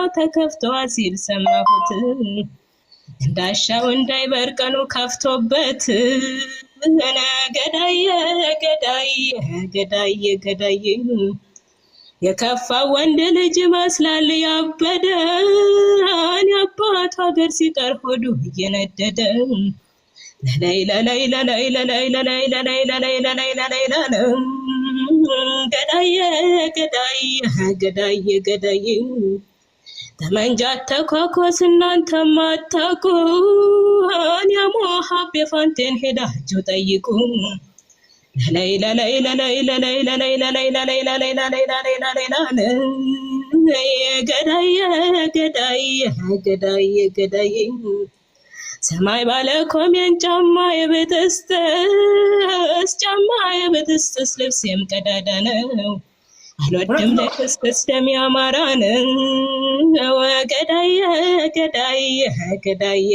ዳሻው ተከፍቷል ሲል ሰማሁት። ዳሻው እንዳይበርቀኑ ከፍቶበት ገዳየ ገዳየ ገዳየ ገዳየ የከፋ ወንድ ልጅ መስላል ያበደን አባቱ ሀገር ሲቀር ሆዱ እየነደደ ገዳየ ገዳየ ገዳየ ገዳየ ጠመንጃ ተኳኳስ እናንተ ማታቁ አንያሞ ሀቤ ፋንቴን ሄዳችሁ ጠይቁ። ሰማይ ባለ ኮሜን ጫማ የቤተስተስ ጫማ የቤተስተስ ልብስ ቀዳዳ ነው። አልወድም ለክስክስተም ያማራን ወገዳየ ገዳየ ገዳየ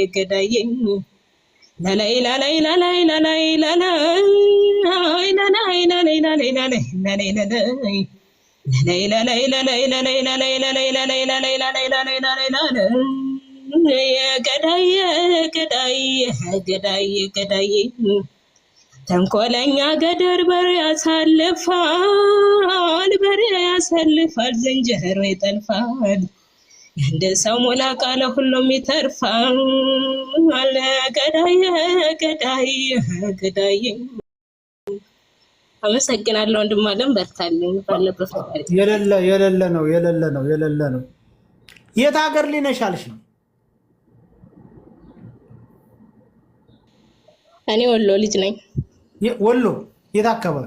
ገዳየ ተንኮለኛ ገደር በር ያሳልፋል ያሰልፋል፣ ዝንጀሮ ይጠልፋል። እንደ ሰው ሞላ ቃለ ለሁሉም ይተርፋል። ገዳይ ገዳይ ገዳይ። አመሰግናለሁ ወንድም አለም በርታለኝ። ባለበት የለለ የለለ ነው የለለ ነው የለለ ነው። የት ሀገር ሊነሻልሽ ነው? እኔ ወሎ ልጅ ነኝ። ወሎ የት አካባቢ?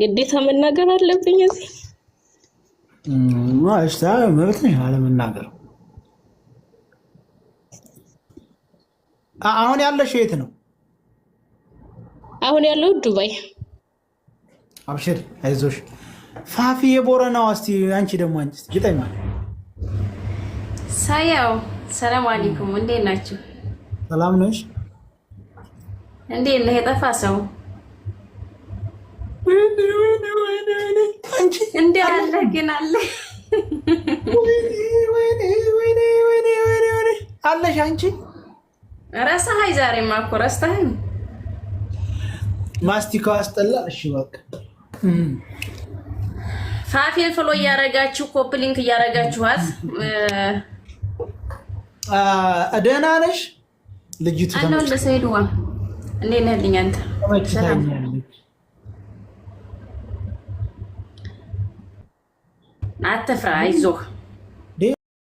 ግዴታ መናገር አለብኝ እዚህ ማሽታ መብት ነሽ አለመናገር። አሁን ያለሽ የት ነው? አሁን ያለው ዱባይ። አብሽር፣ አይዞሽ። ፋፊ የቦረናው እስቲ አንቺ ደግሞ አንቺ ግጠኛ። ሳያው ሰላም አለይኩም፣ እንዴት ናችሁ? ሰላም ነሽ? እንዴት ነህ የጠፋ ሰው እንደ አለ ግን አለ አለሽ አንቺ ረሳሀይ ዛሬ ማኮ ረስተህም አስጠላ። እሺ በቃ ፍሎ እያረጋችሁ ኮፕ ሊንክ እያረጋችኋት ደህና ነሽ ልጅቱ? ተመልሰ ሄድዋ እንዴ ነህልኝ አንተ አትፍራ፣ አይዞህ